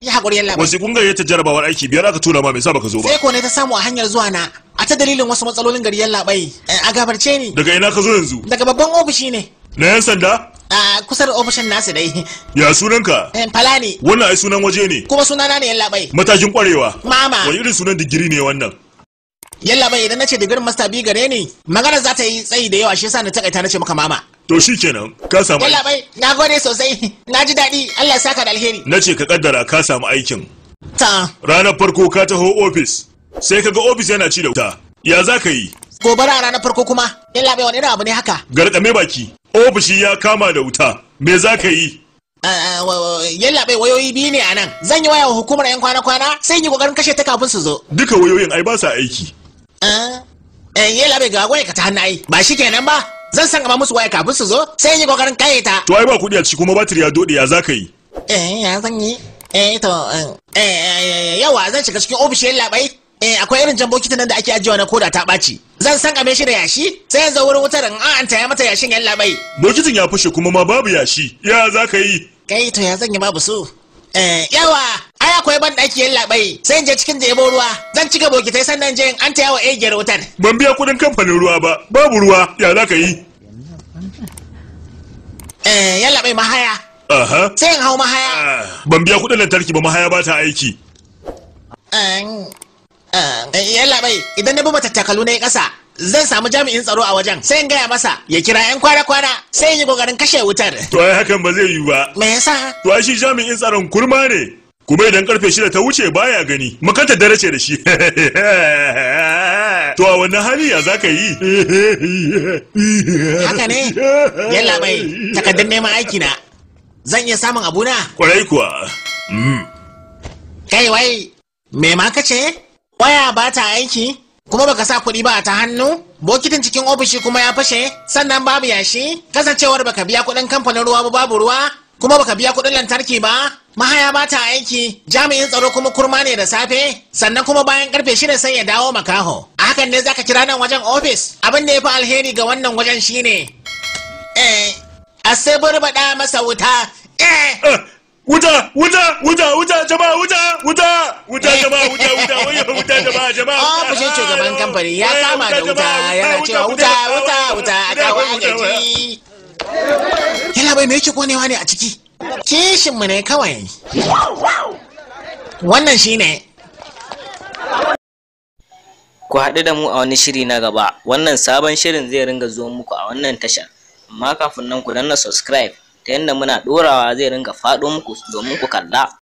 yi haƙuri yalla wasu kun gayyata jarabawar aiki biyar aka tura ma me sa baka zo ba sai ko ne ta samu a hanyar zuwa na a ta dalilin wasu matsalolin gari yalla bai eh, a gabarce ni daga ina ka zo yanzu daga babban ofishi ne na yan sanda a kusar ofishin nasu dai ya sunanka eh, falani wannan ai sunan waje ne kuma sunana ne yalla bai matakin kwarewa mama wani irin sunan digiri ne wannan yalla bai idan nace digirin master b gare ni magana za ta yi tsayi da yawa shi yasa na takaita nace maka mama to shi kenan ka samu yalla bai na gode sosai na ji daɗi allah saka da alheri na ce ka kaddara ka samu aikin ta ranar farko ka taho ofis sai ka ga ofis yana ci da wuta ya za ka yi gobara a ranar farko kuma yalla bai wani abu ne haka Gargame baki ofishi ya kama da wuta me za ka yi eh, eh, yalla bai wayoyi biyu ne a nan zan yi waya wa hukumar yan kwana-kwana sai yi kokarin kashe ta kafin su zo duka wayoyin ai ba sa aiki eh, yalla bai ga wani ka ta hannu ai ba shi kenan ba zan san gama musu waya kafin su zo sai yi kokarin kaye ta to ai ba kuɗi a ciki kuma batiri ya dode ya ka yi eh ya zan yi eh to eh, eh, eh yawa zan shiga cikin ofishin labai eh akwai irin jan bokitin nan da ake ajiyewa na koda ta ɓaci zan san game shi da yashi sai yanzu wurin wutar in an taya mata yashin yan labai bokitin ya fashe kuma ma babu yashi ya za ka yi kai to ya zan yi babu su eh yawa ai akwai ban daki yin labai sai in je cikin jebo ruwa zan cika bokitai sannan je an taya wa egiyar wutar ban biya kudin kamfanin ruwa ba babu ruwa ya za ka yi eh yan labai mahaya aha sai in hau mahaya ah. ban biya kudin lantarki ba mahaya ba ta aiki eh, ya labai idan na bi tattakalu na yi kasa zan samu jami'in tsaro a wajen sai in gaya masa ya kira yan kwana-kwana sai in yi kokarin kashe wutar to ai hakan ba zai yiwu ba me yasa to ai shi jami'in tsaron kurma ne kuma idan karfe shida ta wuce baya gani makanta dare ce da shi to a wannan hali ya zaka yi haka ne yalla mai takardar neman aiki na zan iya samun abuna kwarai kuwa mm. kai wai me ma ka ce waya ba ta aiki kuma baka sa kuɗi ba ta hannu bokitin cikin ofishi kuma ya fashe sannan babu yashi kasancewar baka biya kuɗin kamfanin ruwa ba babu ruwa kuma baka biya kuɗin lantarki ba mahaya ba ta aiki jami'in tsaro kuma kurma ne da safe sannan kuma bayan karfe shi sai ya dawo makaho a hakan ne zaka kira nan wajen ofis abin da ya fi alheri ga wannan wajen shine eh a sai burbaɗa masa wuta eh wuta wuta wuta wuta jama'a wuta wuta wuta jama'a wuta wuta wuta jama'a jama'a oh fushin shugaban kamfani ya kama da wuta yana cewa wuta wuta wuta a kawo agaji yana bai mai kikonewa ne a ciki kishinmu ne kawai wannan shi ne. ku haɗu da mu a wani shiri na gaba wannan sabon shirin zai ringa zuwa muku a wannan tashar amma kafin nan ku danna subscribe ta yadda muna ɗorawa zai ringa faɗo muku domin ku kalla